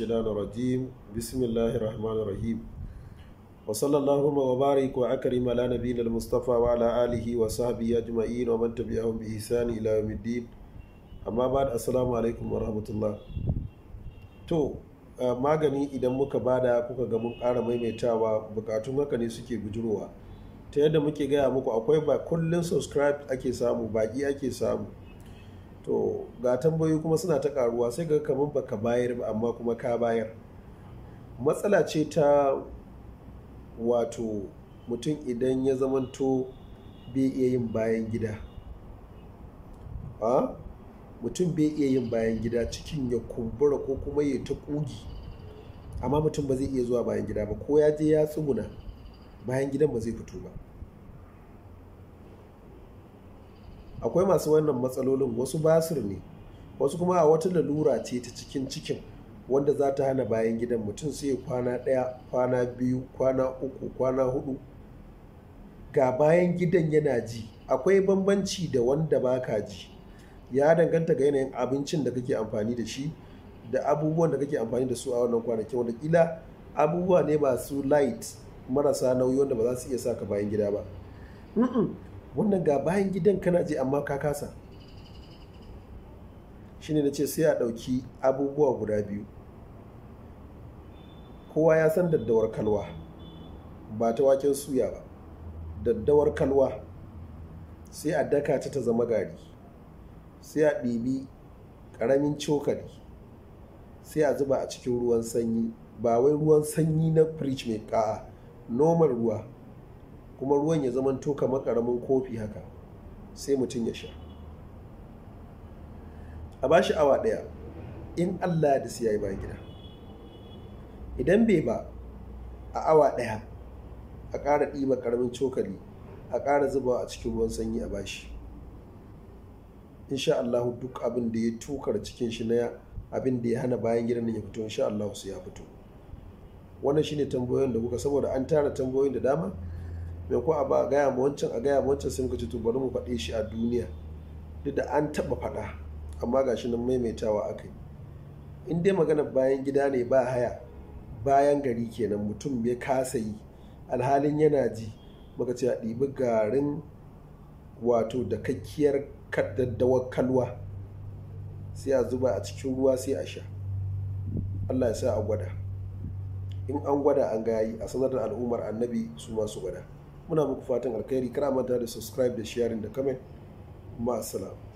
shaitan rajim bismillahi rahman rahim wa sallallahu ma mustapha wa alihi wa sahabi ya jima yi na wanta biya wani amma ba da asalamu alaikum wa rahmatullah to magani idan muka ba da kuka gamu kara maimaitawa bukatu haka ne suke bujurwa ta yadda muke gaya muku akwai ba kullun subscribe ake samu baƙi ake samu to ga tambayoyi kuma suna ta karuwa sai ga kamar baka bayar ba amma kuma ka bayar matsala ce ta wato mutum idan ya zamanto bai iya yin bayan gida ah, mutum bai iya yin bayan gida cikin ya kumbura ko kuma ya ta ƙugi amma mutum ba zai iya zuwa bayan gida ba ko ya je ya tsuguna bayan gidan ba zai fito ba akwai masu wannan matsalolin wasu basir ne wasu kuma a wata lalura ce ta cikin cikin wanda za ta hana bayan gidan mutum sai kwana ɗaya kwana biyu kwana uku kwana hudu ga bayan gidan yana ji akwai bambanci da wanda ba ka ji ya danganta ga yanayin abincin da kake amfani da shi da abubuwan da kake amfani da su a wannan kwanakin wanda kila abubuwa ne masu light marasa nauyi wanda ba za su iya sa bayan gida ba wannan ga bayan gidan kana je amma ka kasa shine na ce sai a ɗauki abubuwa guda biyu kowa ya san daddawar kalwa ba ta waken suya ba daddawar kalwa sai a daka ta ta zama gari sai a ɗibi ƙaramin cokali sai a zuba a cikin ruwan sanyi ba wai ruwan sanyi na fridge mai ƙa'a normal ruwa kuma ruwan ya zama toka makaramin kofi haka sai mutum ya sha a ba shi awa ɗaya in allah da su yi bayan gida idan bai ba a awa ɗaya a ƙara ɗiba ƙaramin cokali a ƙara zuba a cikin ruwan sanyi a bashi insha Allah duk abin da ya tukar cikin shi na abin da ya hana bayan gidan ya fito insha Allah su ya fito wannan shine tambayoyin da kuka saboda an tara tambayoyin da dama mai ko a gaya ma wancan a gaya ma wancan sai muka ce to bari mu faɗe shi a duniya duk da an taɓa faɗa amma ga shi nan maimaitawa aka yi in dai magana bayan gida ne ba haya bayan gari kenan mutum ya kasa yi alhalin yana ji muka ce a ɗibi garin wato da kakkiyar daddawar kalwa sai a zuba a cikin ruwa sai a sha allah ya sa a gwada in an gwada an gayi a sanar da al'ummar annabi su masu gwada muna muku fatan alkhairi kana manta da subscribe da sharing da comment ma